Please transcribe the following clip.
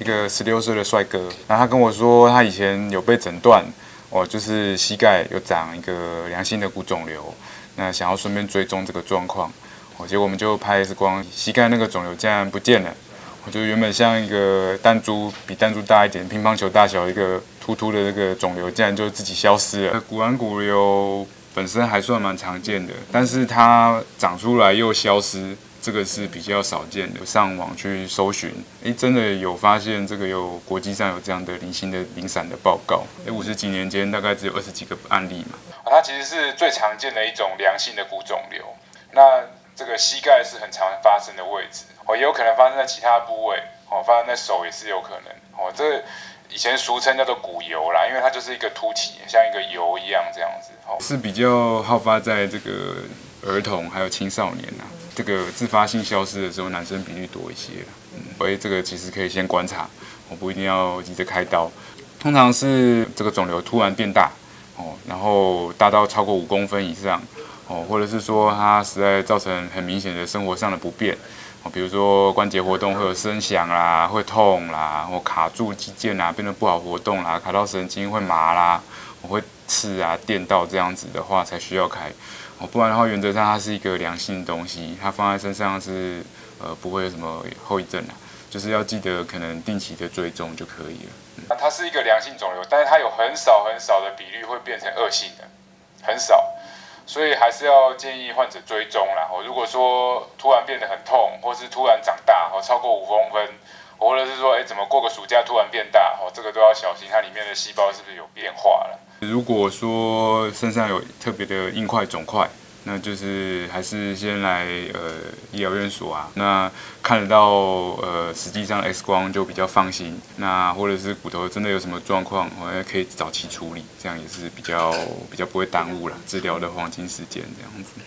一個十六歲的帥哥，然後他跟我說，他以前有被診斷，哦，就是膝蓋有長一個良性的骨腫瘤，那想要順便追蹤這個狀況，我結果我們就拍 X 光，膝蓋那個腫瘤竟然不見了，我覺得原本像一個彈珠，比彈珠大一點，乒乓球大小一個突突的這個腫瘤，竟然就自己消失了。骨軟骨瘤本身還算蠻常見的，但是它長出來又消失。這個是比較少見的，有上網去搜尋、欸，真的有發現這個有國際上有這樣的零星的零散的報告，欸、五十幾年間大概只有二十幾個案例嘛。哦、它其實是最常見的一種良性的骨腫瘤，那這個膝蓋是很常發生的位置，哦，也有可能發生在其他部位，哦，發生在手也是有可能，哦，這個、以前俗稱叫做骨疣啦，因為它就是一個凸起，像一個疣一樣這樣子，哦，是比較好發在這個兒童還有青少年啊。這個自發性消失的時候，男生比例多一些。嗯，所以這個其實可以先觀察，我不一定要急着開刀。通常是這個腫瘤突然變大，哦，然後大到超過五公分以上，哦，或者是說它實在造成很明顯的生活上的不便，哦，比如說關節活動會有聲響啦，會痛啦，或卡住肌腱啦、啊、變得不好活動啦，卡到神經會麻啦，我會。刺啊，電到這樣子的話才需要開哦，不然的話原則上它是一個良性東西，它放在身上是呃不會有什麼後遺症啊，就是要記得可能定期的追蹤就可以了。那、嗯、它是一個良性腫瘤，但是它有很少很少的比率會變成惡性的，很少，所以還是要建議患者追蹤啦。哦，如果說突然變得很痛，或是突然長大哦超過五公分，分，或者是說哎、欸、怎麼過個暑假突然變大哦，這個都要小心，它裡面的細胞是不是有變化？如果說身上有特別的硬塊、腫塊，那就是還是先來呃醫療院所啊，那看得到呃，實際上 X 光就比較放心。那或者是骨頭真的有什麼狀況，我也可以早期處理，這樣也是比較比較不會耽誤了治療的黃金時間，這樣子。